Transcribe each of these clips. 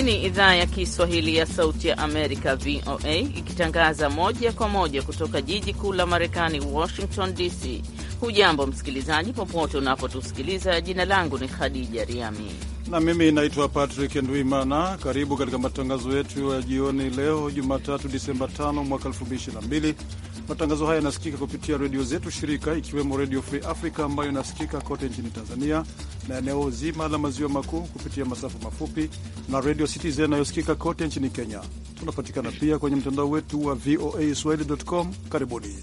Hii ni idhaa ya Kiswahili ya Sauti ya Amerika, VOA, ikitangaza moja kwa moja kutoka jiji kuu la Marekani, Washington DC. Hujambo msikilizaji, popote unapotusikiliza. Jina langu ni Khadija Riami na mimi naitwa Patrick Ndwimana. Karibu katika matangazo yetu ya jioni leo Jumatatu, Disemba 5 mwaka 2022 Matangazo haya yanasikika kupitia redio zetu shirika, ikiwemo Redio Free Africa ambayo inasikika kote nchini Tanzania na eneo zima la maziwa makuu kupitia masafa mafupi na Redio Citizen inayosikika kote nchini Kenya. Tunapatikana pia kwenye mtandao wetu wa VOA Swahili.com. Karibuni.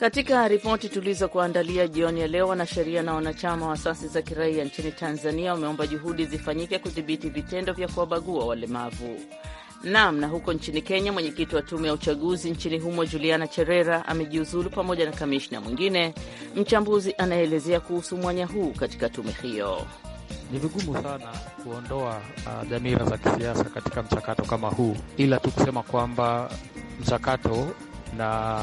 Katika ripoti tulizokuandalia jioni ya leo, wanasheria na wanachama wa asasi za kiraia nchini Tanzania wameomba juhudi zifanyike kudhibiti vitendo vya kuwabagua walemavu. Naam. Na huko nchini Kenya, mwenyekiti wa tume ya uchaguzi nchini humo Juliana Cherera amejiuzulu pamoja na kamishna mwingine. Mchambuzi anaelezea kuhusu mwanya huu katika tume hiyo. Ni vigumu sana kuondoa uh, dhamira za kisiasa katika mchakato kama huu, ila tu kusema kwamba mchakato na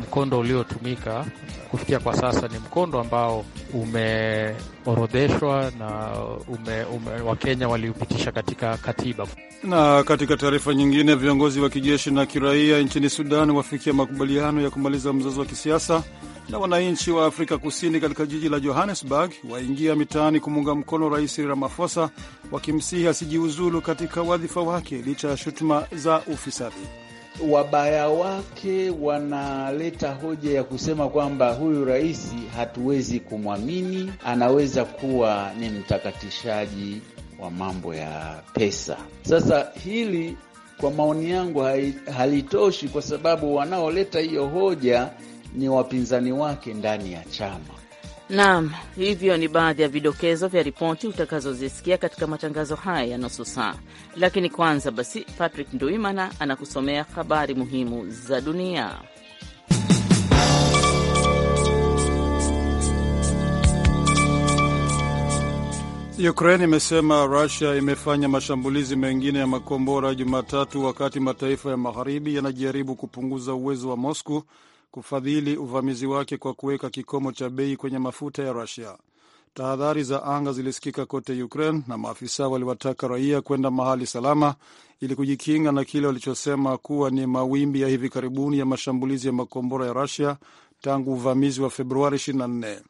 mkondo uliotumika kufikia kwa sasa ni mkondo ambao umeorodheshwa na ume, ume, Wakenya waliupitisha katika katiba. Na katika taarifa nyingine, viongozi wa kijeshi na kiraia nchini Sudan wafikia makubaliano ya kumaliza mzozo wa kisiasa na wananchi wa Afrika Kusini katika jiji la Johannesburg waingia mitaani kumuunga mkono Rais Ramaphosa wakimsihi asijiuzulu katika wadhifa wake licha ya shutuma za ufisadi wabaya wake wanaleta hoja ya kusema kwamba huyu rais hatuwezi kumwamini, anaweza kuwa ni mtakatishaji wa mambo ya pesa. Sasa hili kwa maoni yangu halitoshi, kwa sababu wanaoleta hiyo hoja ni wapinzani wake ndani ya chama. Naam, hivyo ni baadhi ya vidokezo vya ripoti utakazozisikia katika matangazo haya ya nusu saa, lakini kwanza basi, Patrick Nduimana anakusomea habari muhimu za dunia. Ukraine imesema Rusia imefanya mashambulizi mengine ya makombora Jumatatu, wakati mataifa ya magharibi yanajaribu kupunguza uwezo wa Moscow kufadhili uvamizi wake kwa kuweka kikomo cha bei kwenye mafuta ya Rusia. Tahadhari za anga zilisikika kote Ukraine na maafisa waliwataka raia kwenda mahali salama ili kujikinga na kile walichosema kuwa ni mawimbi ya hivi karibuni ya mashambulizi ya makombora ya Rusia tangu uvamizi wa Februari 24.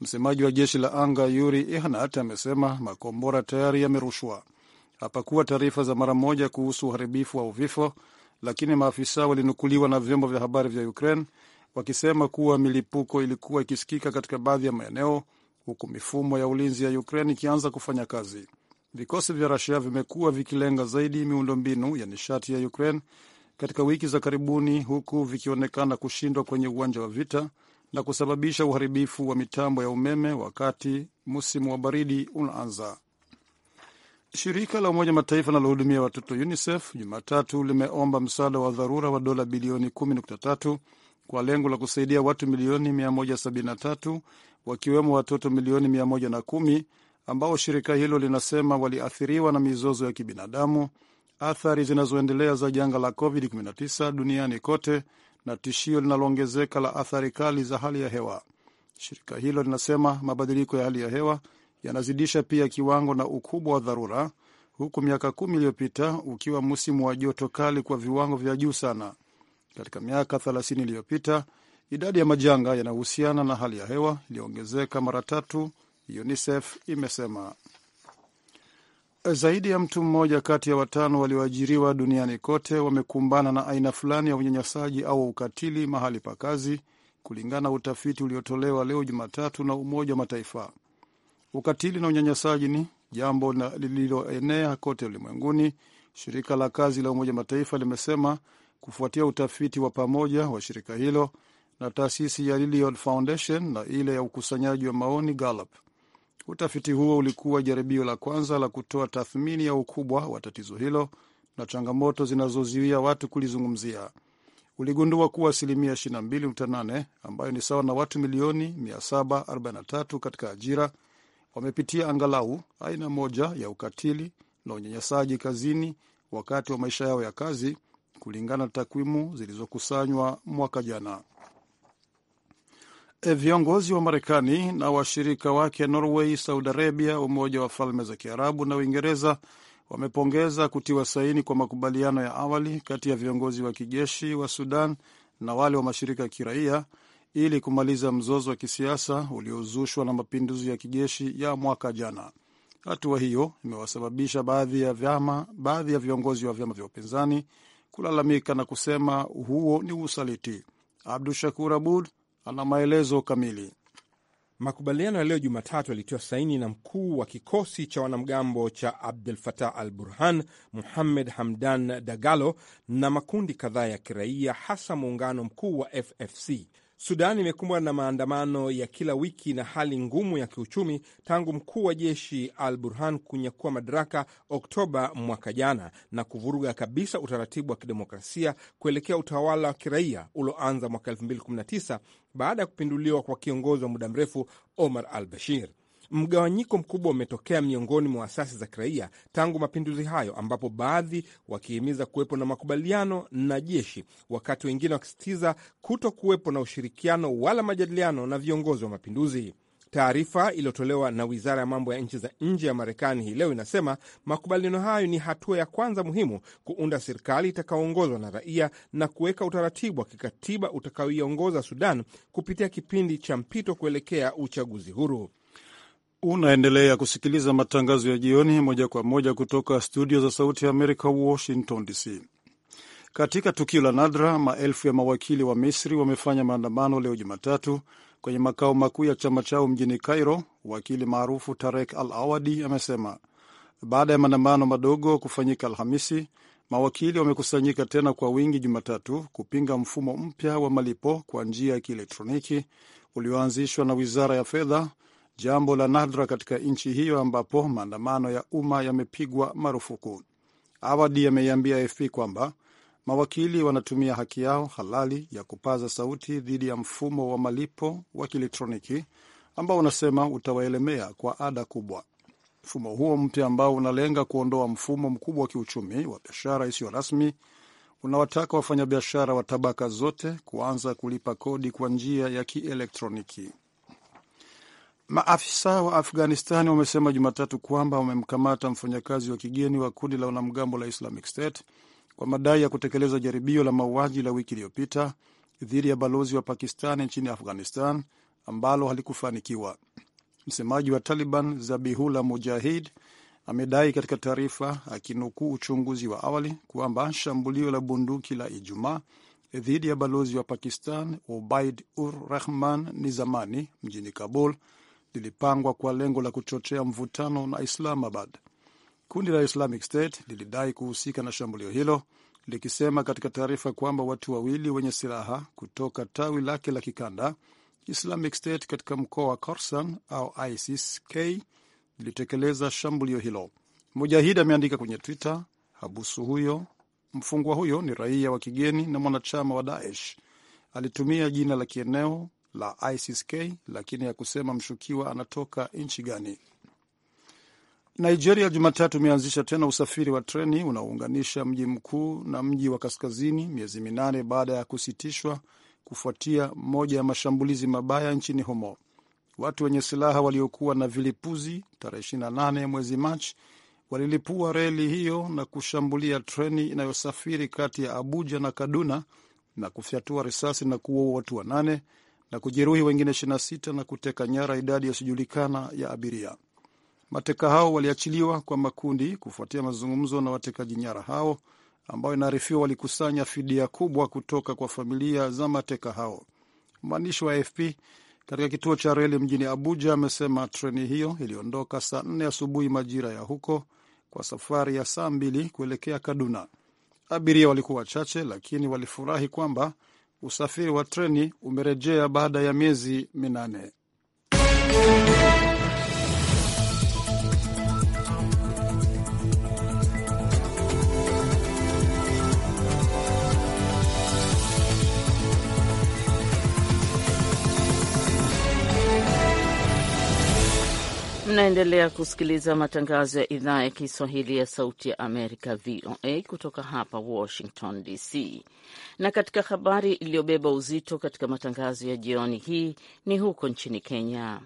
Msemaji wa jeshi la anga Yuri Ihnat amesema makombora tayari yamerushwa. Hapakuwa taarifa za mara moja kuhusu uharibifu au vifo, lakini maafisa walinukuliwa na vyombo vya habari vya Ukraine wakisema kuwa milipuko ilikuwa ikisikika katika baadhi ya maeneo, huku mifumo ya ulinzi ya Ukraine ikianza kufanya kazi. Vikosi vya Rusia vimekuwa vikilenga zaidi miundombinu ya nishati ya Ukraine katika wiki za karibuni, huku vikionekana kushindwa kwenye uwanja wa vita na kusababisha uharibifu wa mitambo ya umeme wakati msimu wa baridi unaanza. Shirika la Umoja Mataifa linalohudumia watoto UNICEF Jumatatu limeomba msaada wa dharura wa dola bilioni 10.3 kwa lengo la kusaidia watu milioni 173 wakiwemo watoto milioni 110 ambao shirika hilo linasema waliathiriwa na mizozo ya kibinadamu, athari zinazoendelea za janga la COVID-19 duniani kote na tishio linaloongezeka la athari kali za hali ya hewa. Shirika hilo linasema mabadiliko ya hali ya hewa yanazidisha pia kiwango na ukubwa wa dharura, huku miaka kumi iliyopita ukiwa msimu wa joto kali kwa viwango vya juu sana. Katika miaka 30 iliyopita, idadi ya majanga yanayohusiana na hali ya hewa iliyoongezeka mara tatu, UNICEF imesema. Zaidi ya mtu mmoja kati ya watano walioajiriwa duniani kote wamekumbana na aina fulani ya unyanyasaji au ukatili mahali pa kazi, kulingana na utafiti uliotolewa leo Jumatatu na Umoja wa Mataifa. Ukatili na unyanyasaji ni jambo lililoenea kote ulimwenguni, shirika la kazi la Umoja wa Mataifa limesema kufuatia utafiti wa pamoja wa shirika hilo na taasisi ya Lilian Foundation na ile ya ukusanyaji wa maoni Gallup. Utafiti huo ulikuwa jaribio la kwanza la kutoa tathmini ya ukubwa wa tatizo hilo na changamoto zinazozuia watu kulizungumzia. Uligundua kuwa asilimia 22.8 ambayo ni sawa na watu milioni 743 katika ajira wamepitia angalau aina moja ya ukatili na unyanyasaji kazini wakati wa maisha yao ya kazi, kulingana na takwimu zilizokusanywa mwaka jana. E, viongozi wa Marekani na washirika wake Norway, Saudi Arabia, Umoja wa Falme za Kiarabu na Uingereza wamepongeza kutiwa saini kwa makubaliano ya awali kati ya viongozi wa kijeshi wa Sudan na wale wa mashirika ya kiraia ili kumaliza mzozo wa kisiasa uliozushwa na mapinduzi ya kijeshi ya mwaka jana. Hatua hiyo imewasababisha baadhi ya vyama, baadhi ya viongozi wa vyama vya upinzani kulalamika na kusema huo ni usaliti. Abdu Shakur Abud ana maelezo kamili. Makubaliano ya leo Jumatatu yalitiwa saini na mkuu wa kikosi cha wanamgambo cha Abdul Fatah al Burhan, Muhammed Hamdan Dagalo, na makundi kadhaa ya kiraia, hasa muungano mkuu wa FFC. Sudan imekumbwa na maandamano ya kila wiki na hali ngumu ya kiuchumi tangu mkuu wa jeshi Al Burhan kunyakua madaraka Oktoba mwaka jana na kuvuruga kabisa utaratibu wa kidemokrasia kuelekea utawala wa kiraia ulioanza mwaka 2019 baada ya kupinduliwa kwa kiongozi wa muda mrefu Omar Al Bashir. Mgawanyiko mkubwa umetokea miongoni mwa asasi za kiraia tangu mapinduzi hayo, ambapo baadhi wakihimiza kuwepo na makubaliano na jeshi, wakati wengine wakisitiza kuto kuwepo na ushirikiano wala majadiliano na viongozi wa mapinduzi. Taarifa iliyotolewa na wizara ya mambo ya nchi za nje ya Marekani hii leo inasema makubaliano hayo ni hatua ya kwanza muhimu kuunda serikali itakaoongozwa na raia na kuweka utaratibu wa kikatiba utakaoiongoza Sudan kupitia kipindi cha mpito kuelekea uchaguzi huru. Unaendelea kusikiliza matangazo ya jioni moja kwa moja kutoka studio za Sauti ya Amerika, Washington DC. Katika tukio la nadra, maelfu ya mawakili wa Misri wamefanya maandamano leo Jumatatu kwenye makao makuu ya chama chao mjini Cairo. Wakili maarufu Tarek Al Awadi amesema baada ya maandamano madogo kufanyika Alhamisi, mawakili wamekusanyika tena kwa wingi Jumatatu kupinga mfumo mpya wa malipo kwa njia ya kielektroniki ulioanzishwa na wizara ya fedha jambo la nadra katika nchi hiyo ambapo maandamano ya umma yamepigwa marufuku. Awadi ameiambia AFP kwamba mawakili wanatumia haki yao halali ya kupaza sauti dhidi ya mfumo wa malipo wa kielektroniki ambao unasema utawaelemea kwa ada kubwa. Mfumo huo mpya ambao unalenga kuondoa mfumo mkubwa wa kiuchumi wa biashara isiyo rasmi unawataka wafanyabiashara wa tabaka zote kuanza kulipa kodi kwa njia ya kielektroniki. Maafisa wa Afghanistani wamesema Jumatatu kwamba wamemkamata mfanyakazi wa kigeni wa kundi la wanamgambo la Islamic State kwa madai ya kutekeleza jaribio la mauaji la wiki iliyopita dhidi ya balozi wa pakistani nchini Afghanistan ambalo halikufanikiwa. Msemaji wa Taliban Zabihullah Mujahid amedai katika taarifa, akinukuu uchunguzi wa awali, kwamba shambulio la bunduki la Ijumaa dhidi ya balozi wa Pakistan Obaid ur Rahman zamani mjini Kabul lilipangwa kwa lengo la kuchochea mvutano na Islamabad. Kundi la Islamic State lilidai kuhusika na shambulio hilo likisema katika taarifa kwamba watu wawili wenye silaha kutoka tawi lake la kikanda Islamic State katika mkoa wa Khorasan au ISIS-K lilitekeleza shambulio hilo. Mujahid ameandika kwenye Twitter, habusu huyo mfungwa huyo ni raia wa kigeni na mwanachama wa Daesh. Alitumia jina la kieneo la ICC, lakini hakusema mshukiwa anatoka nchi gani. Nigeria Jumatatu imeanzisha tena usafiri wa treni unaounganisha mji mkuu na mji wa kaskazini, miezi minane baada ya kusitishwa kufuatia moja ya mashambulizi mabaya nchini humo. Watu wenye silaha waliokuwa na vilipuzi tarehe 28 mwezi Machi walilipua reli hiyo na kushambulia treni inayosafiri kati ya Abuja na Kaduna na kufyatua risasi na kuua watu wanane na kujeruhi wengine 26 na kuteka nyara idadi yasiyojulikana ya abiria. Mateka hao waliachiliwa kwa makundi kufuatia mazungumzo na watekaji nyara hao ambao inaarifiwa walikusanya fidia kubwa kutoka kwa familia za mateka hao. Mwandishi wa AFP katika kituo cha reli mjini Abuja amesema treni hiyo iliondoka saa nne asubuhi majira ya huko kwa safari ya saa mbili kuelekea Kaduna. Abiria walikuwa wachache, lakini walifurahi kwamba usafiri wa treni umerejea baada ya miezi minane. Mnaendelea kusikiliza matangazo ya idhaa ya Kiswahili ya Sauti ya Amerika, VOA, kutoka hapa Washington DC. Na katika habari iliyobeba uzito katika matangazo ya jioni hii ni huko nchini Kenya.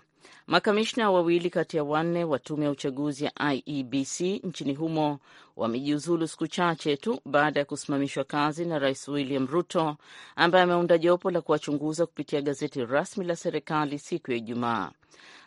Makamishna wawili kati ya wanne wa tume ya uchaguzi ya IEBC nchini humo wamejiuzulu siku chache tu baada ya kusimamishwa kazi na Rais William Ruto, ambaye ameunda jopo la kuwachunguza kupitia gazeti rasmi la serikali siku ya Ijumaa.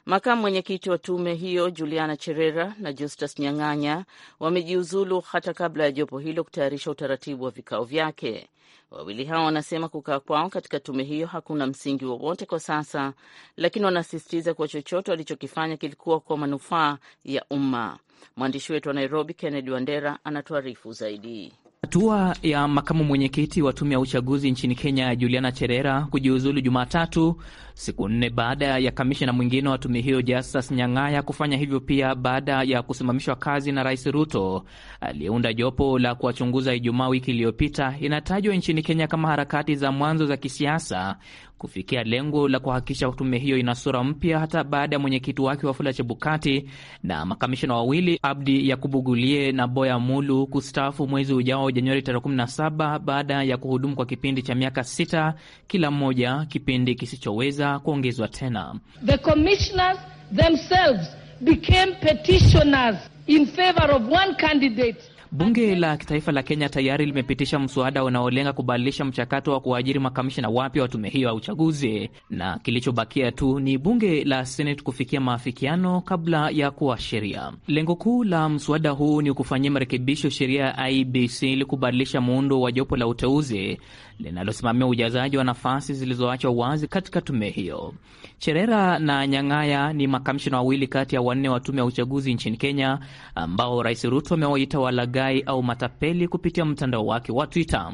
Makamu mwenyekiti wa tume hiyo Juliana Cherera na Justus Nyang'anya wamejiuzulu hata kabla ya jopo hilo kutayarisha utaratibu wa vikao vyake. Wawili hao wanasema kukaa kwao katika tume hiyo hakuna msingi wowote kwa sasa, lakini wanasisitiza kuwa chochote walichokifanya kilikuwa kwa manufaa ya umma. Mwandishi wetu wa Nairobi, Kennedy Wandera, anatuarifu zaidi. Hatua ya makamu mwenyekiti wa tume ya uchaguzi nchini Kenya, Juliana Cherera, kujiuzulu Jumatatu, siku nne baada ya kamishina mwingine wa tume hiyo Justus Nyang'aya kufanya hivyo pia baada ya kusimamishwa kazi na Rais Ruto aliyeunda jopo la kuwachunguza Ijumaa wiki iliyopita, inatajwa nchini Kenya kama harakati za mwanzo za kisiasa, kufikia lengo la kuhakikisha tume hiyo ina sura mpya hata baada ya mwenyekiti wake Wafula Chebukati na makamishina wawili Abdi Gulie na Boya Mulu kustaafu mwezi ujao Januari tarehe 17 baada ya kuhudumu kwa kipindi cha miaka sita kila mmoja, kipindi kisichoweza kuongezwa tena. The commissioners themselves became petitioners in favor of one candidate. Bunge la kitaifa la Kenya tayari limepitisha mswada unaolenga kubadilisha mchakato wa kuajiri makamishina wapya wa tume hiyo ya uchaguzi, na kilichobakia tu ni bunge la Seneti kufikia maafikiano kabla ya kuwa sheria. Lengo kuu la mswada huu ni kufanyia marekebisho sheria ya IBC ili kubadilisha muundo wa jopo la uteuzi linalosimamia ujazaji wa nafasi zilizoachwa wazi katika tume hiyo. Cherera na Nyang'aya ni makamishina wawili kati ya wanne wa tume ya uchaguzi nchini Kenya ambao Rais Ruto amewaita walagai au matapeli kupitia mtandao wake wa Twitter.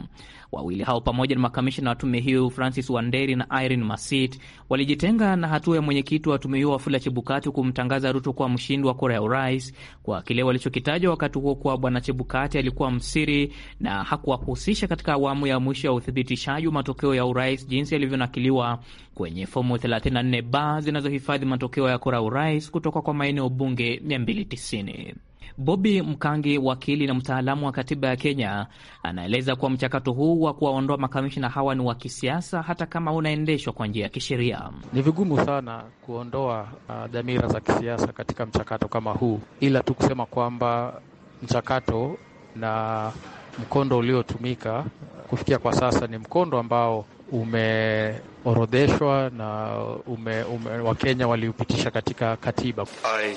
Wawili hao pamoja na makamishina wa tume hiyo Francis Wanderi na Irene Masit walijitenga na hatua ya mwenyekiti wa tume hiyo Wafula Chebukati kumtangaza Ruto kuwa mshindi wa kura ya urais kwa kile walichokitaja wakati huo kuwa Bwana Chebukati alikuwa msiri na hakuwahusisha katika awamu ya mwisho ya uthibitishaji wa matokeo ya urais jinsi yalivyonakiliwa kwenye fomu 34 b zinazohifadhi matokeo ya kura ya urais kutoka kwa maeneo bunge 290. Bobi Mkangi, wakili na mtaalamu wa katiba ya Kenya, anaeleza kuwa mchakato huu wa kuwaondoa makamishina hawa ni wa kisiasa, hata kama unaendeshwa kwa njia ya kisheria. Ni vigumu sana kuondoa uh, dhamira za kisiasa katika mchakato kama huu, ila tu kusema kwamba mchakato na mkondo uliotumika uh, kufikia kwa sasa ni mkondo ambao umeorodheshwa na ume, ume, Wakenya waliupitisha katika katiba I,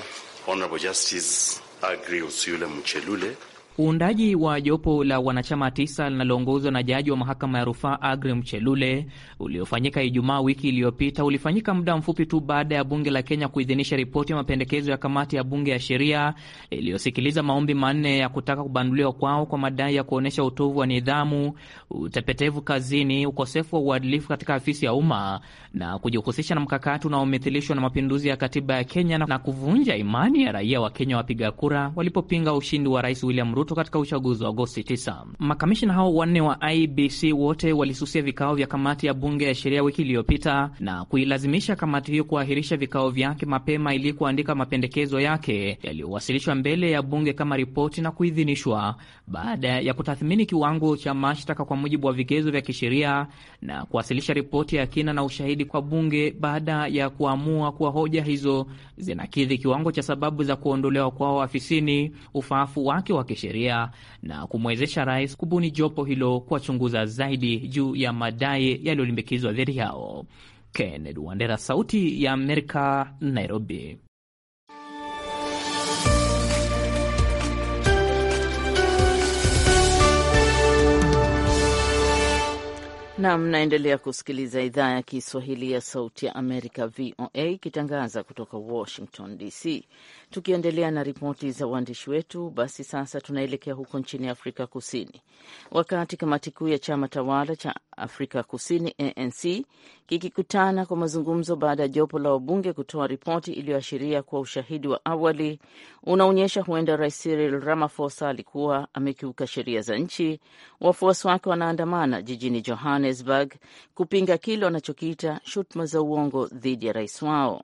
agriuzule muchelule Uundaji wa jopo la wanachama tisa linaloongozwa na jaji wa mahakama ya rufaa agri Mchelule uliofanyika Ijumaa wiki iliyopita ulifanyika muda mfupi tu baada ya bunge la Kenya kuidhinisha ripoti ya mapendekezo ya kamati ya bunge ya sheria iliyosikiliza maombi manne ya kutaka kubanduliwa kwao kwa madai ya kuonyesha utovu wa nidhamu, utepetevu kazini, ukosefu wa uadilifu katika afisi ya umma na kujihusisha na mkakati unaomithilishwa na mapinduzi ya katiba ya Kenya na kuvunja imani ya raia wa Kenya wapiga kura walipopinga ushindi wa Rais William Ruto Ruto katika uchaguzi wa Agosti 9. Makamishina hao wanne wa IBC wote walisusia vikao vya kamati ya bunge ya sheria wiki iliyopita na kuilazimisha kamati hiyo kuahirisha vikao vyake mapema ili kuandika mapendekezo yake yaliyowasilishwa mbele ya bunge kama ripoti na kuidhinishwa baada ya kutathmini kiwango cha mashtaka kwa mujibu wa vigezo vya kisheria na kuwasilisha ripoti ya kina na ushahidi kwa bunge baada ya kuamua kuwa hoja hizo zinakidhi kiwango cha sababu za kuondolewa kwao afisini, ufaafu wake wa kisheria kisheria na kumwezesha rais kubuni jopo hilo kuwachunguza zaidi juu ya madai yaliyolimbikizwa dhidi yao. Kennedy Wandera, Sauti ya Amerika, Nairobi. na mnaendelea kusikiliza idhaa ya Kiswahili ya Sauti ya Amerika, VOA, ikitangaza kutoka Washington DC. Tukiendelea na ripoti za waandishi wetu, basi sasa tunaelekea huko nchini Afrika Kusini, wakati kamati kuu ya chama tawala cha Afrika Kusini ANC kikikutana kwa mazungumzo baada ya jopo la wabunge kutoa ripoti iliyoashiria kuwa ushahidi wa awali unaonyesha huenda Rais Cyril Ramaphosa alikuwa amekiuka sheria za nchi. Wafuasi wake wanaandamana jijini Johannesburg kupinga kile wanachokiita shutuma za uongo dhidi ya rais wao.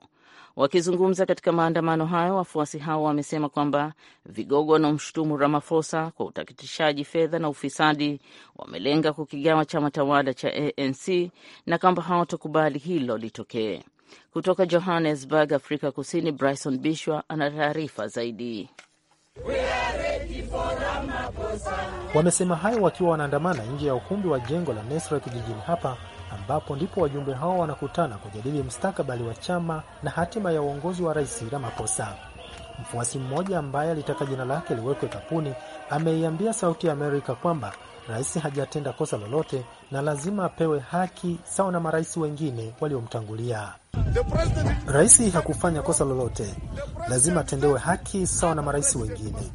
Wakizungumza katika maandamano hayo, wafuasi hao wamesema kwamba vigogo wanaomshutumu Ramaphosa kwa utakatishaji fedha na ufisadi wamelenga kukigawa chama tawala cha ANC na kwamba hawatokubali hilo litokee. Kutoka Johannesburg, Afrika Kusini, Bryson Bishwa ana taarifa zaidi. Wamesema hayo wakiwa wanaandamana nje ya ukumbi wa jengo la Nesrec jijini hapa ambapo ndipo wajumbe hao wanakutana kujadili mstakabali wa chama na hatima ya uongozi wa Rais Ramaphosa. Mfuasi mmoja ambaye alitaka jina lake liwekwe kapuni ameiambia Sauti ya Amerika kwamba Rais hajatenda kosa lolote na lazima apewe haki sawa na marais wengine waliomtangulia. Rais hakufanya kosa lolote, lazima atendewe haki sawa na marais wengine.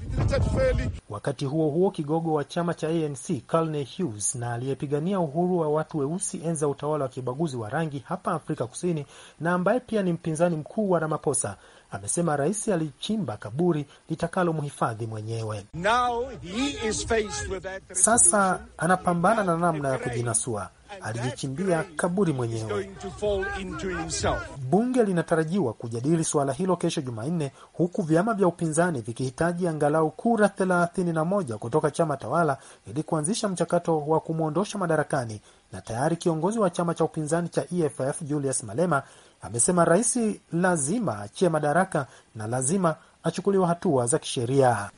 Wakati huo huo, kigogo wa chama cha ANC Carlne Hughes na aliyepigania uhuru wa watu weusi enza utawala wa kibaguzi wa rangi hapa Afrika Kusini na ambaye pia ni mpinzani mkuu wa Ramaphosa amesema rais alichimba kaburi litakalomhifadhi mwenyewe. Sasa anapambana na namna ya kujinasua. Alijichimbia kaburi mwenyewe. Bunge linatarajiwa kujadili suala hilo kesho Jumanne, huku vyama vya upinzani vikihitaji angalau kura 31 kutoka chama tawala ili kuanzisha mchakato wa kumwondosha madarakani, na tayari kiongozi wa chama cha upinzani cha EFF Julius Malema amesema rais lazima achie madaraka na lazima achukuliwa hatua za kisheria.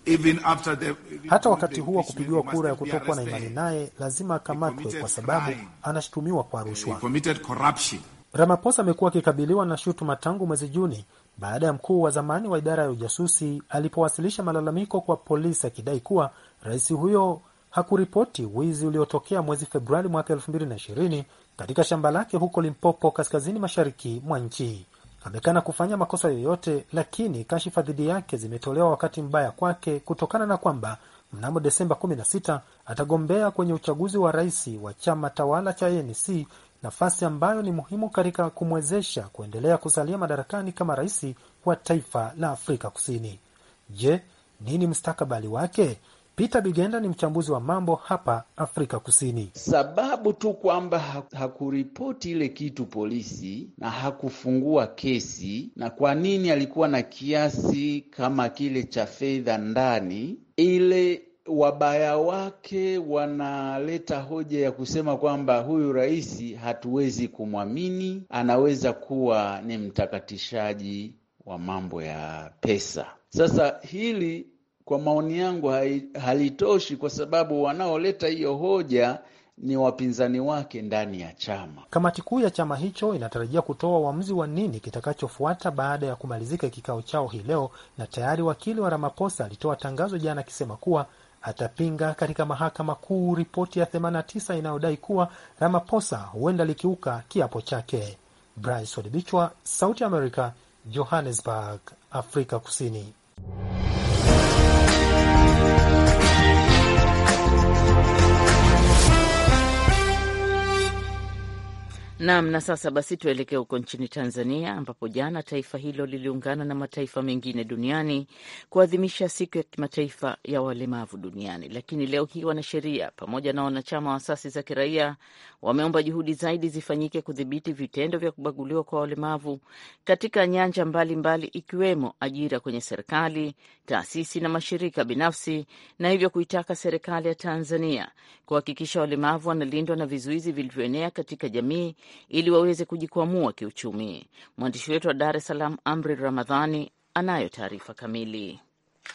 Hata wakati huu wa kupigiwa kura ya kutokuwa na imani naye lazima akamatwe, kwa sababu anashutumiwa kwa rushwa. Ramaphosa amekuwa akikabiliwa na shutuma tangu mwezi Juni baada ya mkuu wa zamani wa idara ya ujasusi alipowasilisha malalamiko kwa polisi akidai kuwa rais huyo hakuripoti wizi uliotokea mwezi Februari mwaka ishirini katika shamba lake huko Limpopo, kaskazini mashariki mwa nchi. Amekana kufanya makosa yoyote, lakini kashifa dhidi yake zimetolewa wakati mbaya kwake kutokana na kwamba mnamo Desemba 16 atagombea kwenye uchaguzi wa rais wa chama tawala cha ANC, nafasi ambayo ni muhimu katika kumwezesha kuendelea kusalia madarakani kama rais wa taifa la Afrika Kusini. Je, nini mstakabali wake? Peter Bigenda ni mchambuzi wa mambo hapa Afrika Kusini. Sababu tu kwamba hakuripoti ile kitu polisi na hakufungua kesi, na kwa nini alikuwa na kiasi kama kile cha fedha ndani ile wabaya wake wanaleta hoja ya kusema kwamba huyu rais hatuwezi kumwamini, anaweza kuwa ni mtakatishaji wa mambo ya pesa. Sasa hili kwa maoni yangu halitoshi, kwa sababu wanaoleta hiyo hoja ni wapinzani wake ndani ya chama. Kamati kuu ya chama hicho inatarajia kutoa uamuzi wa nini kitakachofuata baada ya kumalizika kikao chao hii leo, na tayari wakili wa Ramaphosa alitoa tangazo jana akisema kuwa atapinga katika mahakama kuu ripoti ya 89 inayodai kuwa Ramaphosa huenda likiuka kiapo chake. Bryce Odibichwa, Sauti ya Amerika, Johannesburg, Afrika Kusini. Naam, na sasa basi tuelekee huko nchini Tanzania ambapo jana taifa hilo liliungana na mataifa mengine duniani kuadhimisha siku ya kimataifa ya walemavu duniani. Lakini leo hii wanasheria pamoja na wanachama wa asasi za kiraia wameomba juhudi zaidi zifanyike kudhibiti vitendo vya kubaguliwa kwa walemavu katika nyanja mbalimbali mbali, ikiwemo ajira kwenye serikali, taasisi na mashirika binafsi, na hivyo kuitaka serikali ya Tanzania kuhakikisha walemavu wanalindwa na vizuizi vilivyoenea katika jamii ili waweze kujikwamua kiuchumi. Mwandishi wetu wa Dar es Salaam, Amri Ramadhani, anayo taarifa kamili.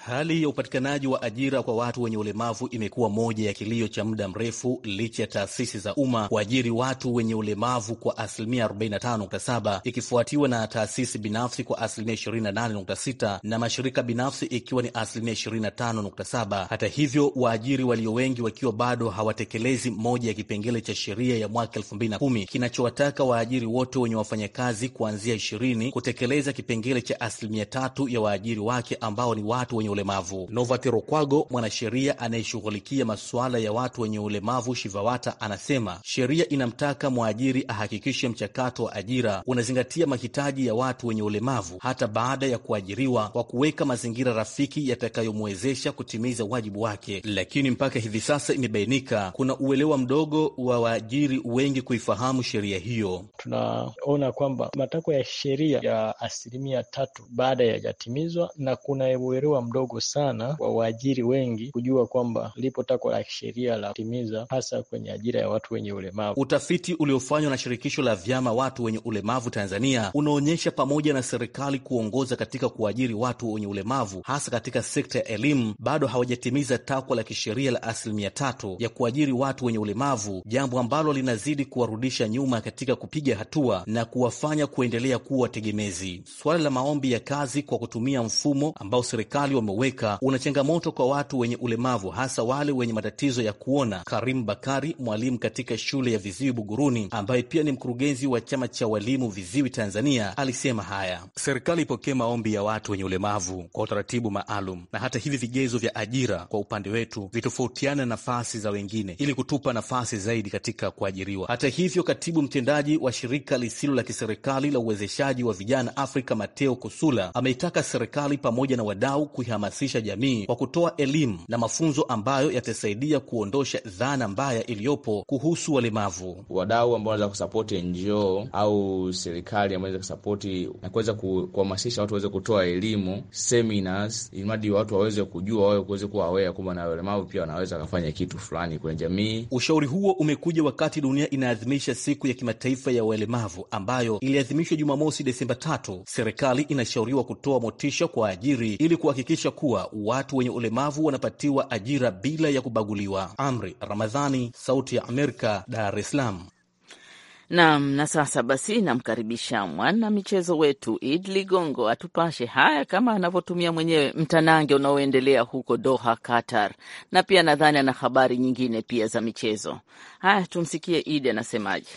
Hali ya upatikanaji wa ajira kwa watu wenye ulemavu imekuwa moja ya kilio cha muda mrefu, licha ya taasisi za umma kuajiri watu wenye ulemavu kwa asilimia 45.7 ikifuatiwa na taasisi binafsi kwa asilimia 28.6 na mashirika binafsi ikiwa ni asilimia 25.7. Hata hivyo, waajiri walio wengi wakiwa bado hawatekelezi moja ya kipengele cha sheria ya mwaka 2010 kinachowataka waajiri wote wenye wafanyakazi kuanzia 20 kutekeleza kipengele cha asilimia tatu ya waajiri wake ambao ni watu wenye ulemavu. Novatero mwanasheria anayeshughulikia masuala ya watu wenye ulemavu Shivawata, anasema sheria inamtaka mwajiri ahakikishe mchakato wa ajira unazingatia mahitaji ya watu wenye ulemavu hata baada ya kuajiriwa, kwa kuweka mazingira rafiki yatakayomwezesha kutimiza wajibu wake. Lakini mpaka hivi sasa imebainika kuna uelewa mdogo wa waajiri wengi kuifahamu sheria hiyo. Tunaona kwamba matakwa ya sheria ya asilimia tatu baada yajatimizwa na kuna uelewa mdogo sana kwa waajiri wengi kujua kwamba lipo takwa la kisheria la kutimiza hasa kwenye ajira ya watu wenye ulemavu. Utafiti uliofanywa na shirikisho la vyama watu wenye ulemavu Tanzania unaonyesha pamoja na serikali kuongoza katika kuajiri watu wenye ulemavu hasa katika sekta ya elimu, bado hawajatimiza takwa la kisheria la asilimia tatu ya kuajiri watu wenye ulemavu, jambo ambalo linazidi kuwarudisha nyuma katika kupiga hatua na kuwafanya kuendelea kuwa tegemezi. Swala la maombi ya kazi kwa kutumia mfumo ambao serikali wameweka una changamoto kwa watu wenye ulemavu, hasa wale wenye matatizo ya kuona. Karim Bakari, mwalimu katika shule ya viziwi Buguruni, ambaye pia ni mkurugenzi wa chama cha walimu viziwi Tanzania, alisema haya: serikali ipokee maombi ya watu wenye ulemavu kwa utaratibu maalum, na hata hivi vigezo vya ajira kwa upande wetu vitofautiana na nafasi za wengine, ili kutupa nafasi zaidi katika kuajiriwa. Hata hivyo, katibu mtendaji wa shirika lisilo la kiserikali la uwezeshaji wa vijana Afrika Mateo Kusula ameitaka serikali pamoja na wadau kuihamasisha jamii kwa kutoa elimu na mafunzo ambayo yatasaidia kuondosha dhana mbaya iliyopo kuhusu walemavu. Wadau ambao wanaweza kusapoti NGO au serikali ambao wanaweza kusapoti na kuweza kuhamasisha watu waweze kutoa elimu, seminars, ilimadi watu waweze kujua, wawe kuweze kuwa aware kwamba na walemavu pia wanaweza wakafanya kitu fulani kwenye jamii. Ushauri huo umekuja wakati dunia inaadhimisha siku ya kimataifa ya walemavu ambayo iliadhimishwa Jumamosi Desemba tatu. Serikali inashauriwa kutoa motisha kwa ajiri ili kuhakikisha kuhakikisha kuwa watu wenye ulemavu wanapatiwa ajira bila ya kubaguliwa. Amri Ramadhani, Sauti ya Amerika, Dar es Salaam. Naam, na sasa basi namkaribisha mwana michezo wetu Id Ligongo atupashe haya kama anavyotumia mwenyewe mtanange unaoendelea huko Doha, Qatar, na pia nadhani ana habari nyingine pia za michezo. Haya, tumsikie Id anasemaje.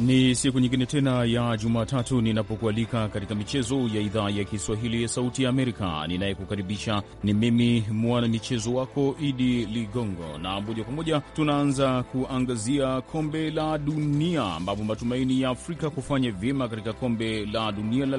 Ni siku nyingine tena ya Jumatatu ninapokualika katika michezo ya idhaa ya Kiswahili ya Sauti ya Amerika. Ninayekukaribisha ni mimi mwana michezo wako Idi Ligongo, na moja kwa moja tunaanza kuangazia kombe la dunia, ambapo matumaini ya Afrika kufanya vyema katika kombe la dunia la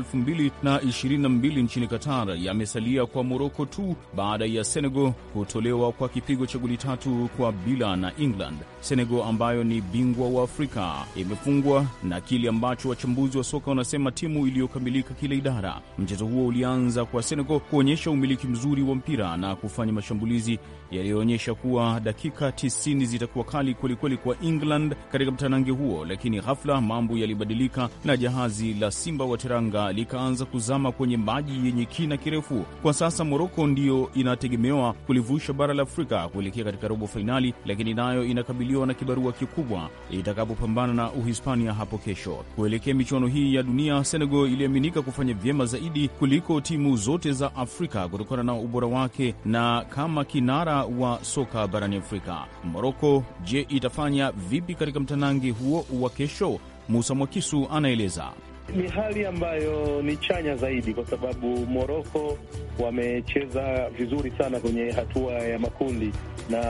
na 2022 nchini Qatar yamesalia kwa Moroko tu baada ya Senegal kutolewa kwa kipigo cha goli tatu kwa bila na England. Senegal ambayo ni bingwa wa Afrika imefungwa kubwa na kile ambacho wachambuzi wa soka wanasema timu iliyokamilika kila idara. Mchezo huo ulianza kwa Senegal kuonyesha umiliki mzuri wa mpira na kufanya mashambulizi yaliyoonyesha kuwa dakika 90 zitakuwa kali kwelikweli kwa England katika mtanange huo, lakini ghafla mambo yalibadilika na jahazi la Simba wa Teranga likaanza kuzama kwenye maji yenye kina kirefu. Kwa sasa Moroko ndiyo inategemewa kulivusha bara la Afrika kuelekea katika robo fainali, lakini nayo inakabiliwa na kibarua kikubwa itakapopambana na Uhispania Hispania hapo kesho. Kuelekea michuano hii ya dunia, Senegal iliaminika kufanya vyema zaidi kuliko timu zote za Afrika kutokana na ubora wake na kama kinara wa soka barani Afrika. Moroko je, itafanya vipi katika mtanangi huo wa kesho? Musa Mwakisu anaeleza. Ni hali ambayo ni chanya zaidi, kwa sababu Moroko wamecheza vizuri sana kwenye hatua ya makundi na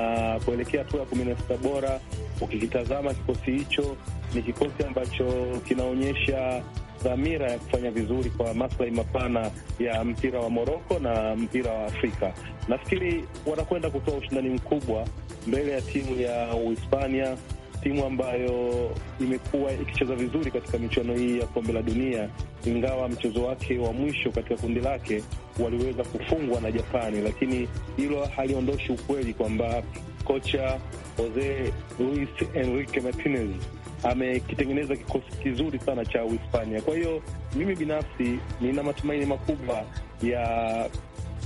kuelekea hatua ya kumi na sita bora. Ukikitazama kikosi hicho, ni kikosi ambacho kinaonyesha dhamira ya kufanya vizuri kwa maslahi mapana ya mpira wa Moroko na mpira wa Afrika. Nafikiri wanakwenda kutoa ushindani mkubwa mbele ya timu ya Uhispania timu ambayo imekuwa ikicheza vizuri katika michuano hii ya kombe la dunia, ingawa mchezo wake wa mwisho katika kundi lake waliweza kufungwa na Japani, lakini hilo haliondoshi ukweli kwamba kocha Jose Luis Enrique Martinez amekitengeneza kikosi kizuri sana cha Uhispania. Kwa hiyo mimi binafsi nina matumaini makubwa ya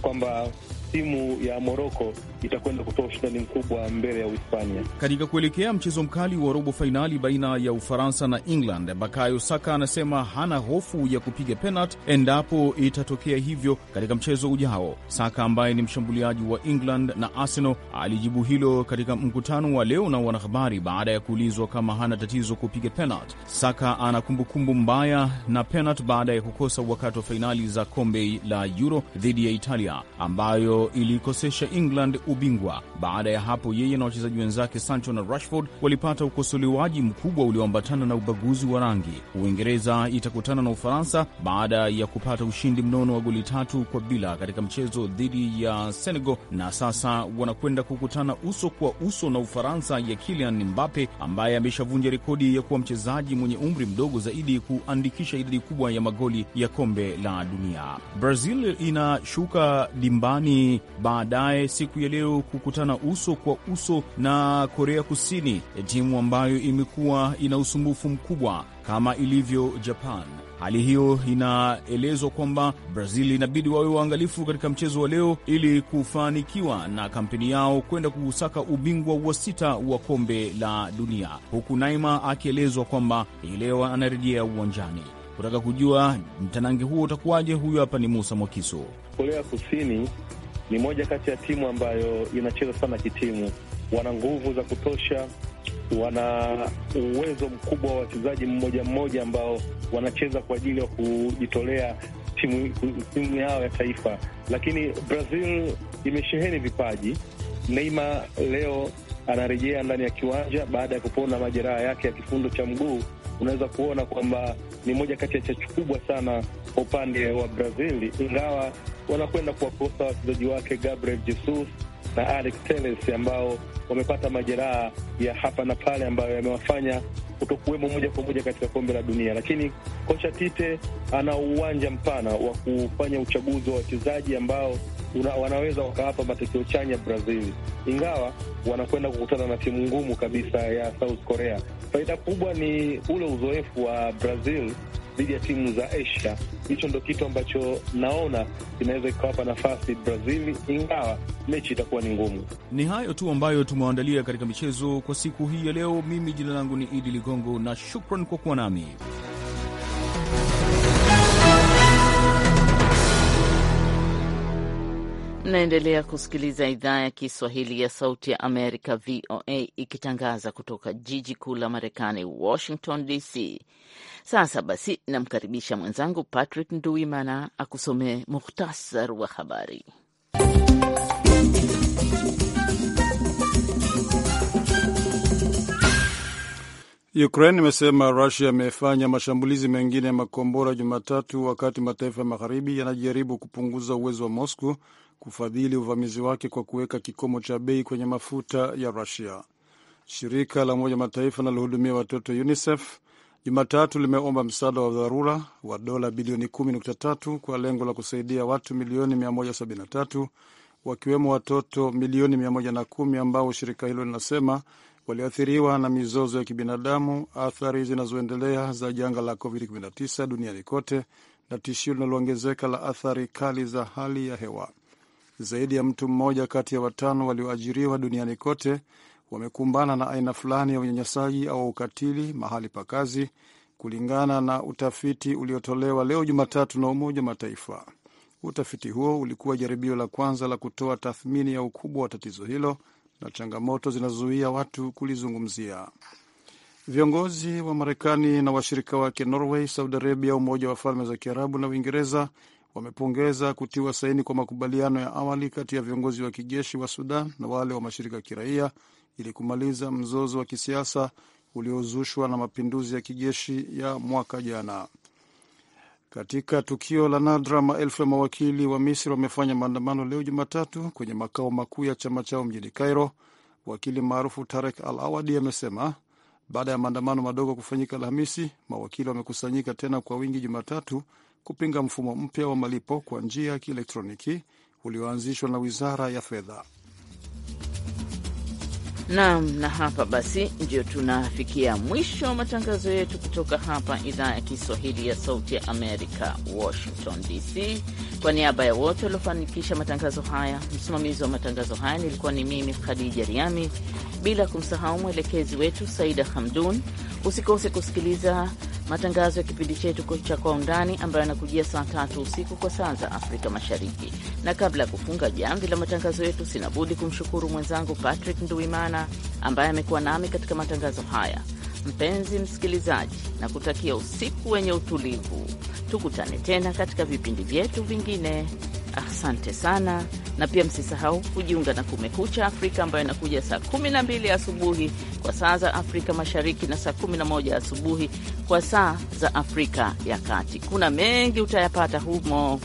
kwamba timu ya Moroko itakwenda kutoa ushindani mkubwa mbele ya Uhispania katika kuelekea mchezo mkali wa robo fainali baina ya Ufaransa na England. Bakayo Saka anasema hana hofu ya kupiga penalti endapo itatokea hivyo katika mchezo ujao. Saka ambaye ni mshambuliaji wa England na Arsenal alijibu hilo katika mkutano wa leo na wanahabari baada ya kuulizwa kama hana tatizo kupiga penalti. Saka ana kumbukumbu mbaya na penalti baada ya kukosa wakati wa fainali za kombe la Euro dhidi ya Italia ambayo iliikosesha England ubingwa. Baada ya hapo, yeye na wachezaji wenzake Sancho na Rashford walipata ukosolewaji mkubwa ulioambatana na ubaguzi wa rangi. Uingereza itakutana na Ufaransa baada ya kupata ushindi mnono wa goli tatu kwa bila katika mchezo dhidi ya Senegal, na sasa wanakwenda kukutana uso kwa uso na Ufaransa ya Kylian Mbappe ambaye ameshavunja rekodi ya kuwa mchezaji mwenye umri mdogo zaidi kuandikisha idadi kubwa ya magoli ya kombe la dunia. Brazil inashuka dimbani baadaye siku ya leo kukutana uso kwa uso na Korea Kusini, timu ambayo imekuwa ina usumbufu mkubwa kama ilivyo Japan. Hali hiyo inaelezwa kwamba Brazil inabidi wawe waangalifu katika mchezo wa leo ili kufanikiwa na kampeni yao kwenda kusaka ubingwa wa sita wa kombe la dunia, huku Neymar akielezwa kwamba hii leo anarejea uwanjani. Kutaka kujua mtanange huo utakuwaje, huyo hapa ni Musa Mwakiso. Korea Kusini ni moja kati ya timu ambayo inacheza sana kitimu, wana nguvu za kutosha, wana uwezo mkubwa wa wachezaji mmoja mmoja ambao wanacheza kwa ajili ya kujitolea timu, timu yao ya taifa. Lakini Brazil imesheheni vipaji. Neymar leo anarejea ndani ya kiwanja baada ya kupona majeraha yake ya kifundo cha mguu. Unaweza kuona kwamba ni moja kati ya chachu kubwa sana kwa upande wa Brazil, ingawa wanakwenda kuwakosa wachezaji wake Gabriel Jesus na Alex Telles ambao wamepata majeraha ya hapa na pale ambayo yamewafanya kutokuwemo moja kwa moja katika kombe la dunia. Lakini kocha Tite ana uwanja mpana wa kufanya uchaguzi wa wachezaji ambao una, wanaweza wakawapa matokeo chanya Brazil, ingawa wanakwenda kukutana na timu ngumu kabisa ya South Korea. Faida kubwa ni ule uzoefu wa Brazil dhidi ya timu za Asia. Hicho ndo kitu ambacho naona inaweza ikawapa nafasi Brazil, ingawa mechi itakuwa ni ngumu. Ni hayo tu ambayo tumewaandalia katika michezo kwa siku hii ya leo. Mimi jina langu ni Idi Ligongo na shukran kwa kuwa nami. Naendelea kusikiliza idhaa ya Kiswahili ya Sauti ya Amerika, VOA, ikitangaza kutoka jiji kuu la Marekani, Washington DC. Sasa basi, namkaribisha mwenzangu Patrick nduimana akusomee muhtasar wa habari. Ukraine imesema Rusia imefanya mashambulizi mengine ya makombora Jumatatu, wakati mataifa ya magharibi yanajaribu kupunguza uwezo wa Moscow kufadhili uvamizi wake kwa kuweka kikomo cha bei kwenye mafuta ya Rusia. Shirika la Umoja Mataifa linalohudumia watoto UNICEF Jumatatu limeomba msaada wa dharura wa dola bilioni 10.3 kwa lengo la kusaidia watu milioni 173 wakiwemo watoto milioni 110 ambao shirika hilo linasema waliathiriwa na mizozo ya kibinadamu, athari zinazoendelea za janga la COVID-19 duniani kote na tishio linaloongezeka la athari kali za hali ya hewa. Zaidi ya mtu mmoja kati ya watano walioajiriwa duniani kote wamekumbana na aina fulani ya unyanyasaji au ukatili mahali pa kazi, kulingana na utafiti uliotolewa leo Jumatatu na Umoja wa Mataifa. Utafiti huo ulikuwa jaribio la kwanza la kutoa tathmini ya ukubwa wa tatizo hilo na changamoto zinazozuia watu kulizungumzia. Viongozi wa Marekani na washirika wake Norway, Saudi Arabia, Umoja wa Falme za Kiarabu na Uingereza wamepongeza kutiwa saini kwa makubaliano ya awali kati ya viongozi wa kijeshi wa Sudan na wale wa mashirika ya kiraia ili kumaliza mzozo wa kisiasa uliozushwa na mapinduzi ya kijeshi ya mwaka jana. Katika tukio la nadra, maelfu ya mawakili wa Misri wamefanya maandamano leo Jumatatu kwenye makao makuu ya chama chao mjini Cairo. Wakili maarufu Tarek Al Awadi amesema baada ya maandamano madogo kufanyika Alhamisi, mawakili wamekusanyika tena kwa wingi Jumatatu kupinga mfumo mpya wa malipo kwa njia ya kielektroniki ulioanzishwa na Wizara ya Fedha. Naam, na hapa basi ndio tunafikia mwisho wa matangazo yetu kutoka hapa idhaa ya Kiswahili ya Sauti ya Amerika, Washington DC. Kwa niaba ya wote waliofanikisha matangazo haya, msimamizi wa matangazo haya nilikuwa ni mimi Khadija Riami, bila kumsahau mwelekezi wetu Saida Hamdun. Usikose kusikiliza matangazo ya kipindi chetu cha Kwa Undani ambayo yanakujia saa tatu usiku kwa saa za Afrika Mashariki. Na kabla ya kufunga jamvi la matangazo yetu, sinabudi kumshukuru mwenzangu Patrick Nduimana ambaye amekuwa nami katika matangazo haya. Mpenzi msikilizaji, na kutakia usiku wenye utulivu. Tukutane tena katika vipindi vyetu vingine. Asante sana, na pia msisahau kujiunga na Kumekucha Afrika ambayo inakuja saa 12 asubuhi kwa saa za Afrika Mashariki na saa 11 asubuhi kwa saa za Afrika ya Kati. Kuna mengi utayapata humo.